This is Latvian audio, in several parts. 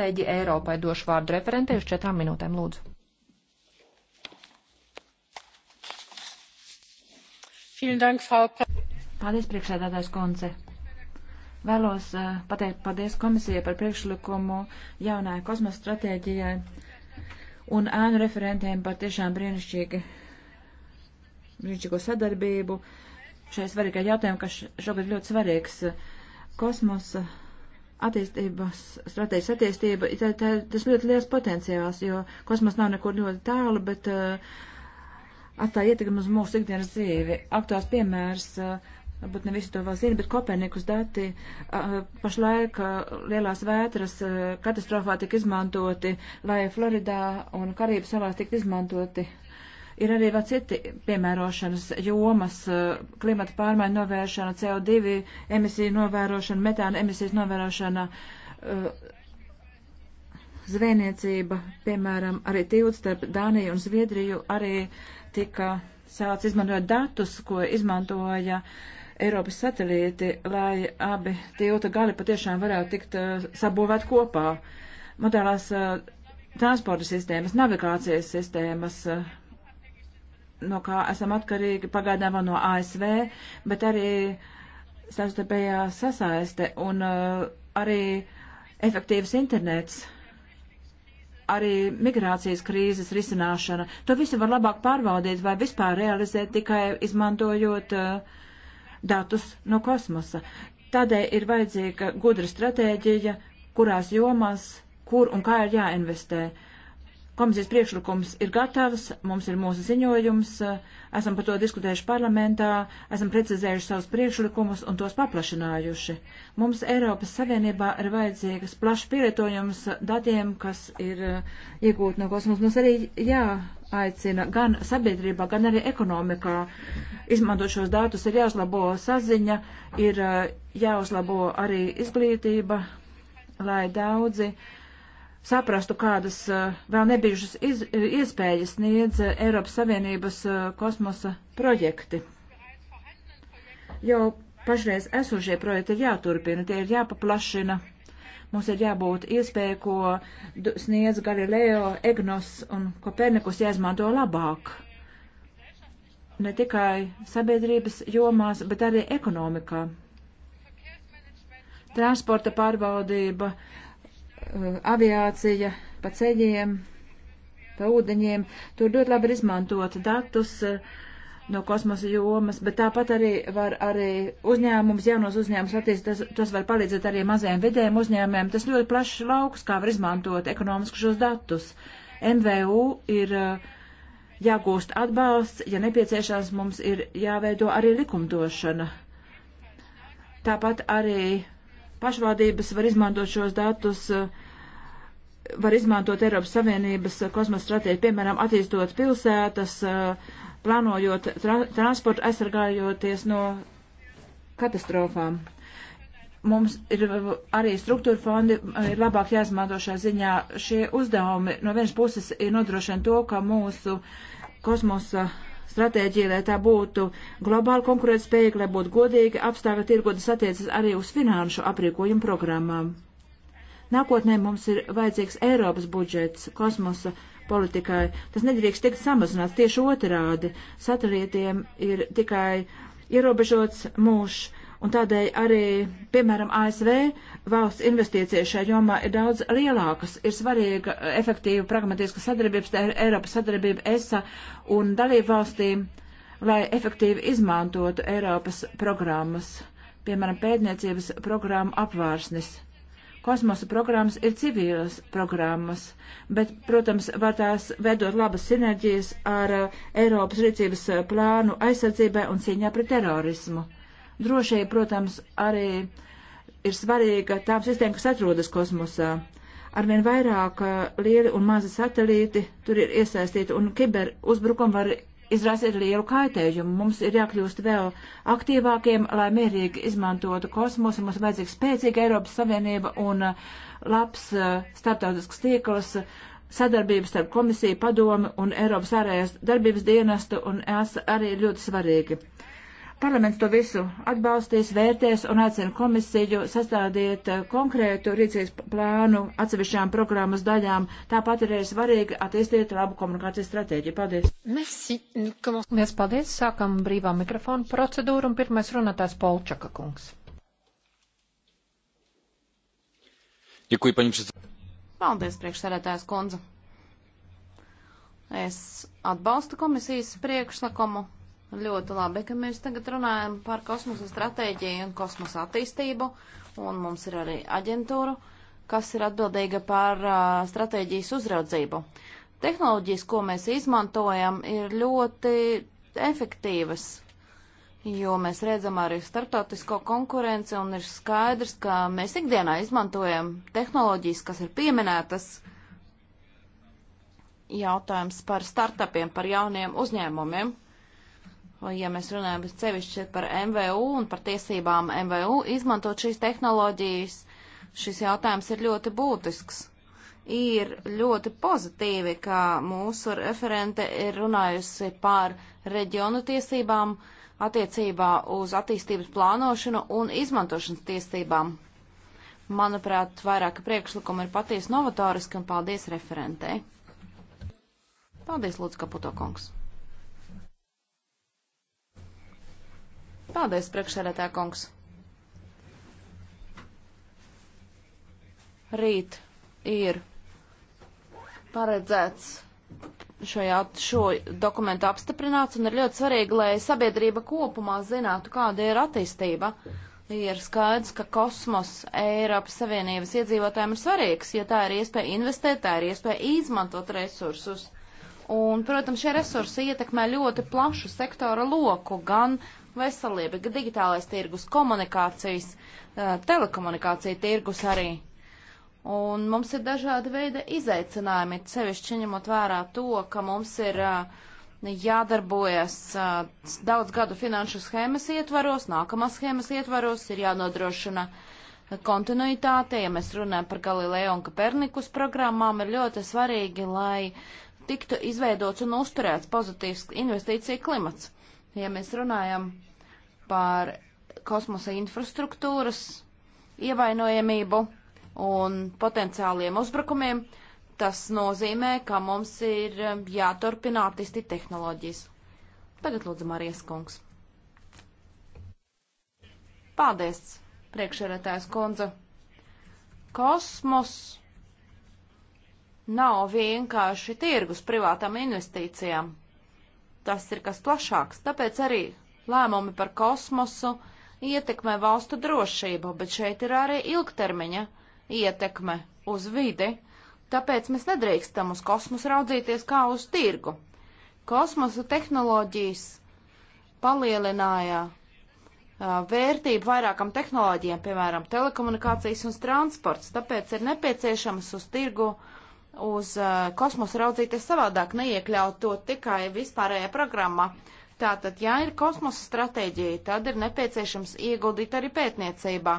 Pēģi Eiropai došu vārdu referentei uz četrām minūtēm, lūdzu. Paldies, priekšsēdētājs Konce. Vēlos uh, pateikt paldies komisijai par priekšlikumu jaunai kosmosa stratēģijai un ēnu referentiem par tiešām brīnišķīgi, brīnišķīgo sadarbību. Šai svarīgai jautājumam, kas šogad ļoti svarīgs, kosmosa. Uh, attīstības, strateģiskā attīstība, tā, tā, tas ļoti liels potenciāls, jo kosmos nav nekur ļoti tālu, bet uh, atstāja ietekmi uz mūsu ikdienas dzīvi. Aktuāls piemērs, uh, varbūt ne visi to vēl zina, bet Kopernikus dati uh, pašlaik uh, lielās vētras uh, katastrofā tika izmantoti, lai Floridā un Karību salās tika izmantoti Ir arī vēl citi piemērošanas jomas eh, - klimata pārmaiņu novēršana, CO2 emisiju novērošana, metāna emisijas novērošana, eh, zvejniecība, piemēram, arī tilts starp Dāniju un Zviedriju arī tika sāc izmantot datus, ko izmantoja Eiropas satelīti, lai abi tilta gali patiešām varētu tikt eh, sabūvēt kopā. Modēlās transporta sistēmas, navigācijas sistēmas, uh, no kā esam atkarīgi pagaidām no ASV, bet arī savstarpējā sasaiste un uh, arī efektīvs internets, arī migrācijas krīzes risināšana. To visu var labāk pārvaldīt vai vispār realizēt tikai izmantojot uh, datus no kosmosa. Tādēļ ir vajadzīga gudra stratēģija, kurās jomās, kur un kā ir jāinvestē. Uh, Komisijas priekšlikums ir gatavs, mums ir mūsu ziņojums, esam par to diskutējuši parlamentā, esam precizējuši savus priekšlikumus un tos paplašinājuši. Mums Eiropas Savienībā ir vajadzīgas plašs pielietojums datiem, kas ir eh, iegūti no kosmosa. Mums arī jāaicina gan sabiedrībā, gan arī ekonomikā izmantot šos datus, ir jāuzlabo saziņa, ir eh, jāuzlabo arī izglītība, lai daudzi. Uh, saprastu, kādas eh, vēl nebijušas iz, eh, iespējas sniedz eh, Eiropas Savienības kosmosa projekti. Jo pašreiz esošie projekti ir jāturpina, tie ir jāpaplašina. Mums ir jābūt iespēja, ko sniedz Galileo, Egnos un Kopernikus jāizmanto labāk. Ne tikai sabiedrības jomās, bet arī ekonomikā. Transporta pārvaldība, uh, Eh, aviācija pa ceļiem, pa ūdeņiem. Tur ļoti labi ir izmantot datus eh, no kosmosa jomas, bet tāpat arī var arī uzņēmums, jaunos uzņēmums attīstīt, tas, tas var palīdzēt arī mazajiem vidējiem uzņēmumiem. Tas ļoti plašs lauks, kā var izmantot ekonomiski šos datus. MVU ir eh, jāgūst atbalsts, ja nepieciešams mums ir jāveido arī likumdošana. Tāpat arī pašvaldības var izmantot šos datus uh, var izmantot Eiropas Savienības eh, kosmosa stratēģiju, piemēram, attīstot pilsētas, eh, plānojot tra transportu, aizsargājoties no katastrofām. Mums ir eh, arī struktūra fondi, ir labāk jāizmanto šā ziņā. Šie uzdevumi no vienas puses ir nodrošina to, ka mūsu kosmosa stratēģija, lai tā būtu globāli konkurētspējīga, lai būtu godīga, apstākļi tirgotas attiecas arī uz finanšu aprīkojumu programmām. Nākotnē mums ir vajadzīgs Eiropas budžets kosmosa politikai. Tas nedrīkst tikt samazināts tieši otrādi. Satelītiem ir tikai ierobežots mūžs. Un tādēļ arī, piemēram, ASV valsts investīcijas šajā jomā ir daudz lielākas. Ir svarīga efektīva pragmatiska sadarbība starp Eiropas sadarbību ESA un dalību valstīm, lai efektīvi izmantotu Eiropas programmas, piemēram, pētniecības programmu apvārsnis. Kosmosa programmas ir civilas programmas, bet, protams, var tās veidot labas sinerģijas ar eh, Eiropas rīcības eh, plānu aizsardzībai un cīņā pret terorismu. Drošība, protams, arī ir svarīga tām sistēmām, kas atrodas kosmosā. Arvien vairāk eh, lieli un mazi satelīti tur ir iesaistīti, un kiber uzbrukumi var izraisīt lielu kaitējumu. Mums ir jākļūst vēl aktīvākiem, lai mierīgi izmantotu kosmosu. Mums vajadzīga spēcīga Eiropas Savienība un uh, labs uh, starptautisks tīkls sadarbības starp komisiju, padomi un Eiropas ārējās darbības dienestu un es arī ļoti svarīgi. Parlaments to visu atbalstīs, vērtēs un aicina komisiju sastādīt eh, konkrētu rīcības plānu atsevišķām programmas daļām. Tāpat ir arī svarīgi attīstīt labu komunikācijas stratēģiju. Paldies! Merci! Mēs paldies! Sākam brīvā mikrofonu procedūru un pirmais runātājs Polčaka kungs. Děkuji, paní předsedající. Paldies, priekšsēdētājs kundze. Es atbalstu komisijas priekšlikumu Ļoti labi, ka mēs tagad runājam par kosmosa stratēģiju un kosmosa attīstību, un mums ir arī aģentūra, kas ir atbildīga par uh, stratēģijas uzraudzību. Tehnoloģijas, ko mēs izmantojam, ir ļoti efektīvas, jo mēs redzam arī startautisko konkurenci, un ir skaidrs, ka mēs ikdienā izmantojam tehnoloģijas, kas ir pieminētas. Jautājums par startupiem, par jauniem uzņēmumiem ja mēs runājam sevišķi par MVU un par tiesībām MVU izmantot šīs tehnoloģijas, šis jautājums ir ļoti būtisks. Ir ļoti pozitīvi, ka mūsu referente ir runājusi par reģionu tiesībām attiecībā uz attīstības plānošanu un izmantošanas tiesībām. Manuprāt, vairāki priekšlikumi ir patiesi novatoriski un paldies referentei. Paldies, Lūdzu, Kaputo kungs! Paldies, priekšsēdētā kungs. Rīt ir paredzēts šo, jaut, šo dokumentu apstiprināts un ir ļoti svarīgi, lai sabiedrība kopumā zinātu, kāda ir attīstība. Ir skaidrs, ka kosmos Eiropas Savienības iedzīvotājiem ir svarīgs, jo tā ir iespēja investēt, tā ir iespēja izmantot resursus. Un, protams, šie resursi ietekmē ļoti plašu sektora loku, gan veselība, digitālais tirgus, komunikācijas, telekomunikācija tirgus arī. Un mums ir dažādi veidi izaicinājumi, sevišķi ņemot vērā to, ka mums ir jādarbojas daudz gadu finanšu schēmas ietvaros, nākamās schēmas ietvaros ir jānodrošina kontinuitāte, ja mēs runājam par Galileo un Kapernikus programmām, ir ļoti svarīgi, lai tiktu izveidots un uzturēts pozitīvs investīcija klimats. Ja mēs runājam par kosmosa infrastruktūras ievainojamību un potenciāliem uzbrukumiem, tas nozīmē, ka mums ir um, jāturpina attīstīt tehnoloģijas. Tagad lūdzu Marijas kungs. Paldies, priekšsēdētājs kundze. Kosmos nav vienkārši tirgus privātām investīcijām tas ir kas plašāks. Tāpēc arī lēmumi par kosmosu ietekmē valstu drošību, bet šeit ir arī ilgtermiņa ietekme uz vidi. Tāpēc mēs nedrīkstam uz kosmosu raudzīties kā uz tirgu. Kosmosa tehnoloģijas palielināja vērtību vairākam tehnoloģijām, piemēram, telekomunikācijas un transports, tāpēc ir nepieciešams uz tirgu uh, uz uh, kosmosu raudzīties savādāk, neiekļaut to tikai vispārējā programmā. Tātad, ja ir kosmosa stratēģija, tad ir nepieciešams ieguldīt arī pētniecībā.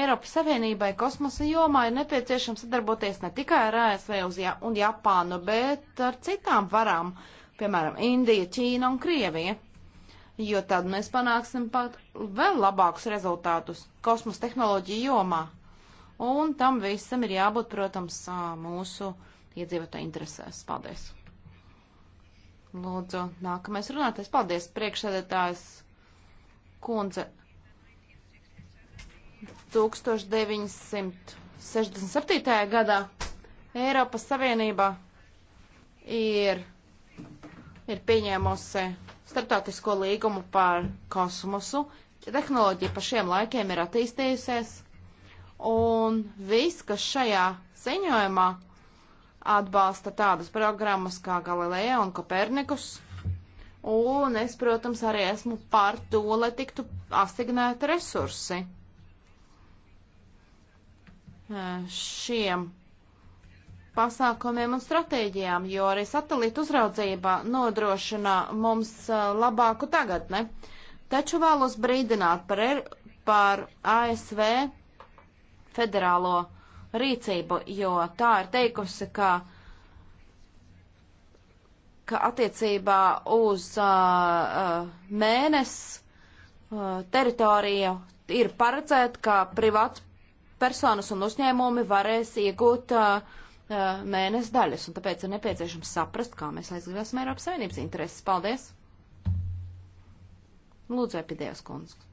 Eiropas Savienībai kosmosa jomā ir nepieciešams sadarboties ne tikai ar ASV ja un Japānu, bet ar citām varām, piemēram, Indija, Ķīna un Krievija. Jo tad mēs panāksim pat vēl labākus rezultātus kosmosa tehnoloģiju jomā. Un tam visam ir jābūt, protams, mūsu iedzīvotāju interesēs. Paldies! Lūdzu, nākamais runātais. Paldies, priekšsēdētājs kundze. 1967. gadā Eiropas Savienība ir, ir pieņēmusi starptautisko līgumu par kosmosu. Tehnoloģija pa šiem laikiem ir attīstījusies, un viss, kas šajā ziņojumā atbalsta tādas programmas kā Galileo un Kopernikus. Un es, protams, arī esmu par to, lai tiktu asignēti resursi šiem pasākumiem un stratēģijām, jo arī satelīta uzraudzība nodrošina mums labāku tagadne. Taču vēlos brīdināt par, er, par ASV federālo rīcību, jo tā ir teikusi, ka, ka attiecībā uz uh, mēnesi uh, teritoriju ir paredzēta, ka privāts personas un uzņēmumi varēs iegūt uh, mēnesi daļas, un tāpēc ir nepieciešams saprast, kā mēs aizgāsim Eiropas Savienības intereses. Paldies! Lūdzu, epidējas kundzes.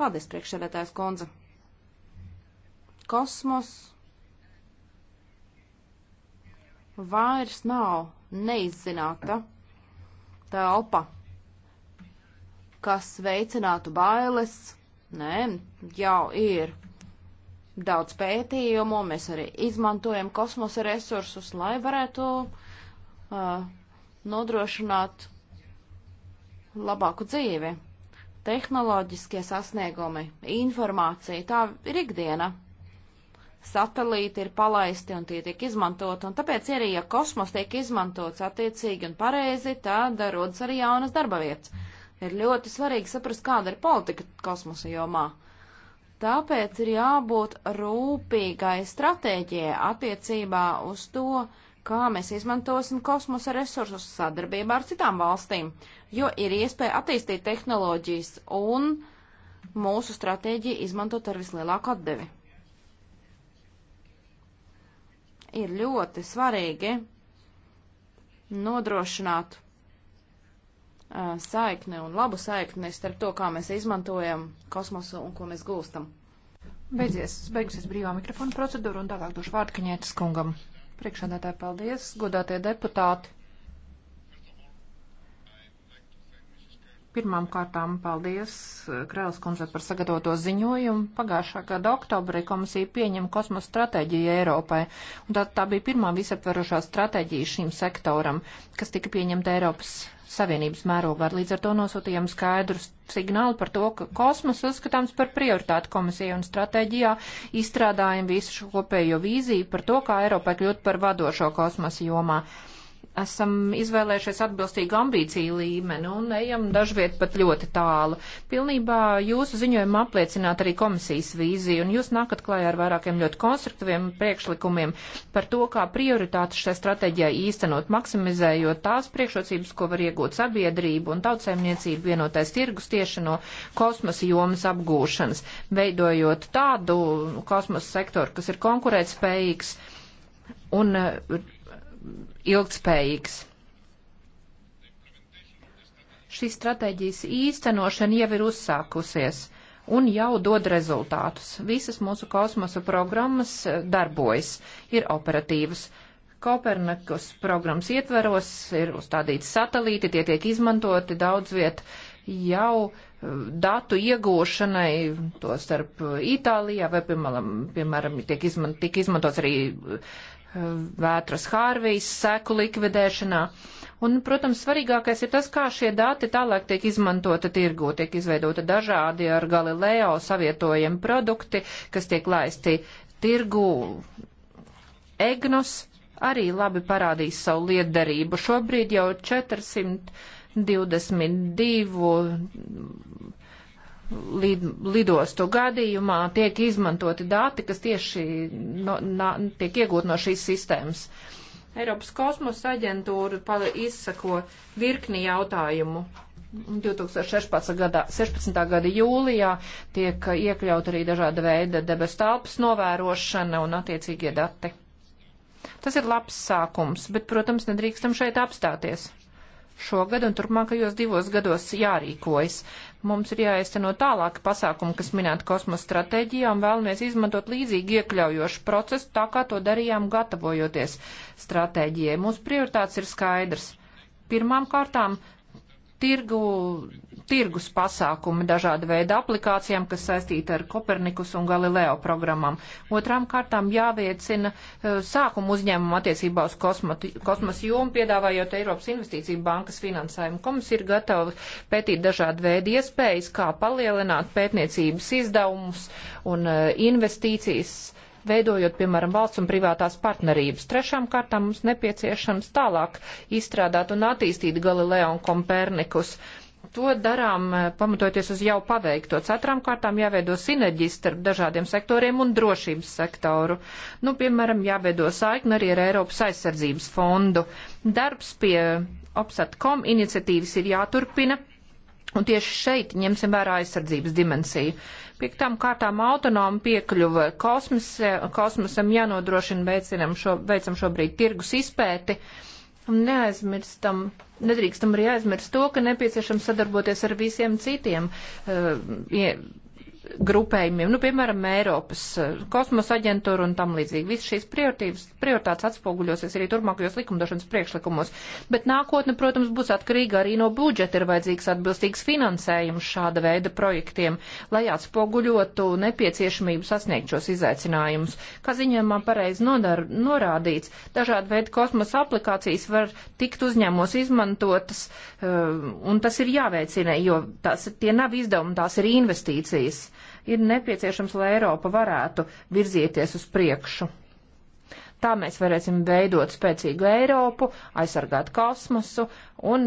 Paldies, priekšsēdētājs Konza. Kosmos vairs nav neizzināta telpa, kas veicinātu bailes. Nē, jau ir daudz pētījumu, mēs arī izmantojam kosmosa resursus, lai varētu uh, nodrošināt labāku dzīvi tehnoloģiskie sasniegumi, informācija, tā ir ikdiena. Satelīti ir palaisti un tie tiek izmantoti, un tāpēc arī, ja kosmos tiek izmantots attiecīgi un pareizi, tad rodas arī jaunas darba vietas. Ir ļoti svarīgi saprast, kāda ir politika kosmosa jomā. Tāpēc ir jābūt rūpīgai stratēģijai attiecībā uz to, kā mēs izmantosim kosmosa resursus sadarbībā ar citām valstīm, jo ir iespēja attīstīt tehnoloģijas un mūsu stratēģiju izmantot ar vislielāku atdevi. Ir ļoti svarīgi nodrošināt uh, saikni un labu saikni starp to, kā mēs izmantojam kosmosu un ko mēs gūstam. Beidzies, beigusies brīvā mikrofona procedūra un tālāk došu vārdu Kaņētas kungam. Priekšādātāji, paldies. Godātie deputāti. Pirmām kārtām paldies eh, Krēls kundze par sagatavoto ziņojumu. Pagājušā gada oktobrī komisija pieņem kosmosa stratēģiju Eiropai, un tā, tā bija pirmā visaptverošā stratēģija šīm sektoram, kas tika pieņemta Eiropas Savienības mērogā. Līdz ar to nosūtījām skaidru signālu par to, ka kosmos uzskatāms par prioritāti komisijai un stratēģijā izstrādājam visu šo kopējo vīziju par to, kā Eiropai kļūt par vadošo kosmosa jomā. Uh, esam izvēlējušies atbilstīgu ambīciju līmeni un ejam dažviet pat ļoti tālu. Pilnībā jūsu ziņojumā apliecināt arī komisijas vīziju, un jūs nākat klājā ar vairākiem ļoti konstruktīviem priekšlikumiem par to, kā prioritātes šai stratēģijai īstenot, maksimizējot tās priekšrocības, ko var iegūt sabiedrību un tautsēmniecību vienotais tirgus tieši no kosmosa jomas apgūšanas, veidojot tādu kosmosa sektoru, kas ir konkurētspējīgs un ilgtspējīgs. Šīs stratēģijas īstenošana jau ir uzsākusies un jau dod rezultātus. Visas mūsu kosmosa programmas eh, darbojas, ir operatīvas. Kopernikus programmas ietveros ir uzstādīti satelīti, tie tiek izmantoti daudz viet jau eh, datu iegūšanai, to starp eh, Itālijā, vai, piemēram, piemēram tiek, izman, tiek izmantots arī eh, vētras Hārvijas seku likvidēšanā. Un, protams, svarīgākais ir tas, kā šie dati tālāk tiek izmantota tirgu, tiek izveidota dažādi ar Galileo savietojami produkti, kas tiek laisti tirgu. Egnos arī labi parādīs savu lietdarību. Šobrīd jau 400 22 lid, lidostu gadījumā tiek izmantoti dati, kas tieši no, na, tiek iegūt no šīs sistēmas. Eiropas kosmosa aģentūra izsako virkni jautājumu. 2016. Gadā, 16. gada jūlijā tiek iekļaut arī dažāda veida debes telpas novērošana un attiecīgie dati. Tas ir labs sākums, bet, protams, nedrīkstam šeit apstāties šogad un turpmākajos divos gados jārīkojas. Mums ir jāizteno tālāki pasākumi, kas minēti kosmosa stratēģijā, un vēlamies izmantot līdzīgi iekļaujošu procesu, tā kā to darījām gatavojoties stratēģijai. Mūsu prioritātes ir skaidrs. Pirmām kārtām tirgu, tirgus pasākumi dažāda veida aplikācijām, kas saistīta ar Kopernikus un Galileo programmām. Otrām kārtām jāviecina eh, sākumu uzņēmumu attiecībā uz kosmosa jomu, piedāvājot Eiropas investīciju bankas finansējumu. Komisija ir gatava pētīt dažādu veidu iespējas, kā palielināt pētniecības izdevumus un eh, investīcijas veidojot, piemēram, valsts un privātās partnerības. Trešām kārtām mums nepieciešams tālāk izstrādāt un attīstīt Galileo un Kompernikus. To darām, eh, pamatoties uz jau paveikto. Ceturām kārtām jāveido sinerģijas starp dažādiem sektoriem un drošības sektoru. Nu, piemēram, jāveido saikni arī ar Eiropas aizsardzības fondu. Darbs pie Opsatcom iniciatīvas ir jāturpina. Un tieši šeit ņemsim vērā aizsardzības dimensiju. Piektām kārtām autonoma piekļuva kosmose, kosmosam jānodrošina, veicinam, šo, veicam šobrīd tirgus izpēti. Un neaizmirstam, nedrīkstam arī aizmirst to, ka nepieciešams sadarboties ar visiem citiem uh, grupējumiem, nu, piemēram, Eiropas eh, kosmosa aģentūra un tam līdzīgi. Viss šīs prioritātes atspoguļosies arī turpmākajos likumdošanas priekšlikumos. Bet nākotne, protams, būs atkarīga arī no budžeta, ir vajadzīgs atbilstīgs finansējums šāda veida projektiem, lai atspoguļotu nepieciešamību sasniegt šos izaicinājumus. Kā ziņojumā pareizi nodar, norādīts, dažādi veidi kosmosa aplikācijas var tikt uzņēmos izmantotas, eh, un tas ir jāveicina, jo tās, tie nav izdevumi, tās ir investīcijas ir nepieciešams, lai Eiropa varētu virzieties uz priekšu. Tā mēs varēsim veidot spēcīgu Eiropu, aizsargāt kosmosu, un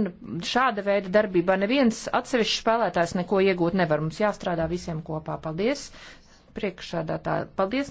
šāda veida darbībā neviens atsevišķs spēlētājs neko iegūt nevar. Mums jāstrādā visiem kopā. Paldies! Priekšādā tā. Paldies!